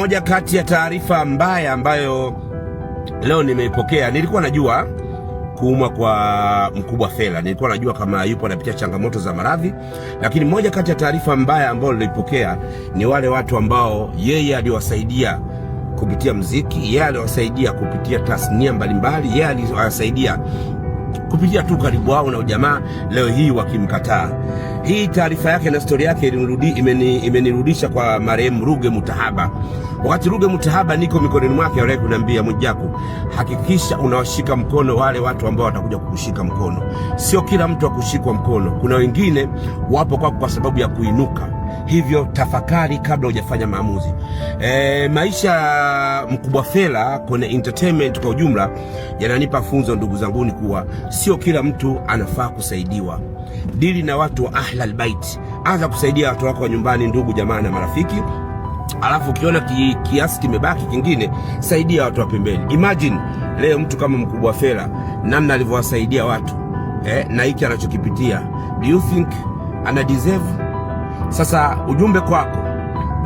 Moja kati ya taarifa mbaya ambayo leo nimeipokea, nilikuwa najua kuumwa kwa mkubwa fela nilikuwa najua kama yupo anapitia changamoto za maradhi, lakini moja kati ya taarifa mbaya ambayo nilipokea ni wale watu ambao yeye aliwasaidia kupitia mziki, yeye aliwasaidia kupitia tasnia mbalimbali, yeye aliwasaidia kupitia tu karibu wao na ujamaa, leo hii wakimkataa. Hii taarifa yake na stori yake ilinirudi, imenirudisha kwa marehemu Ruge Mutahaba. Wakati Ruge Mutahaba niko mikononi mwake, wale kuniambia Mwijaku, hakikisha unawashika mkono wale watu ambao watakuja kukushika mkono. Sio kila mtu akushikwa mkono, kuna wengine wapo kwako kwa sababu ya kuinuka Hivyo tafakari kabla hujafanya maamuzi. E, maisha Mkubwa Fela kwenye entertainment kwa ujumla yananipa funzo ndugu zanguni, kuwa sio kila mtu anafaa kusaidiwa. Dili na watu wa ahlal bait, anza kusaidia watu wako wa nyumbani, ndugu jamaa na marafiki Alafu ukiona ki, kiasi kimebaki kingine, saidia watu wa pembeni. Imagine leo mtu kama Mkubwa Fela namna alivyowasaidia watu eh, na hiki anachokipitia, do you think ana deserve sasa ujumbe kwako.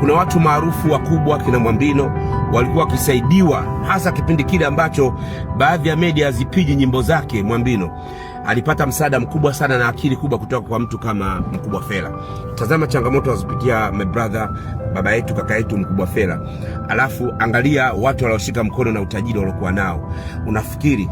Kuna watu maarufu wakubwa kina Mwambino walikuwa wakisaidiwa, hasa kipindi kile ambacho baadhi ya media hazipiji nyimbo zake. Mwambino alipata msaada mkubwa sana na akili kubwa kutoka kwa mtu kama Mkubwa Fela. Tazama changamoto wanazopitia my brother, baba yetu, kaka yetu Mkubwa Fela, alafu angalia watu walioshika mkono na utajiri waliokuwa nao. Unafikiri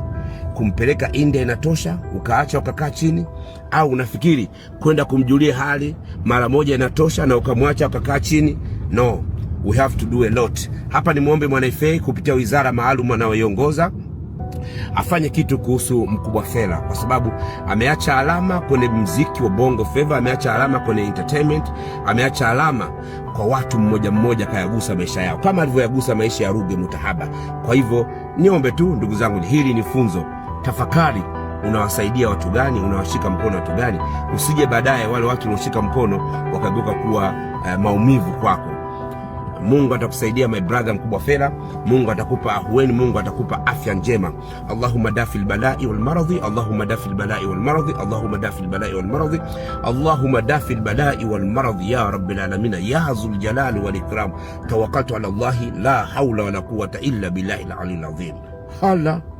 kumpeleka India inatosha, ukaacha ukakaa chini? Au unafikiri kwenda kumjulia hali mara moja inatosha na ukamwacha ukakaa chini? No, we have to do a lot. Hapa ni mwombe mwanaifei kupitia wizara maalum anayoiongoza afanye kitu kuhusu Mkubwa Fela, kwa sababu ameacha alama kwenye mziki wa Bongo Flava, ameacha alama kwenye entertainment, ameacha alama kwa watu mmoja mmoja, kayagusa maisha yao kama alivyoyagusa maisha ya Ruge Mutahaba. Kwa hivyo niombe tu ndugu zangu, hili ni funzo, tafakari unawasaidia watu gani? Unawashika mkono watu gani? Usije baadaye wale watu unaoshika mkono wakageuka kuwa uh, maumivu kwako. Mungu atakusaidia my brother mkubwa Fela. Mungu atakupa ahueni, Mungu atakupa afya njema. Allahumma dafi lbalai maradhi, Allahumma balai wal maradhi, Allahumma dafi wal maradhi, Allahumma dafi wal walmaradhi ya rabbil alamin ya wal ikram. Tawakkaltu ala Allah la haula wala quwwata illa billahi aliyyil azim. Hala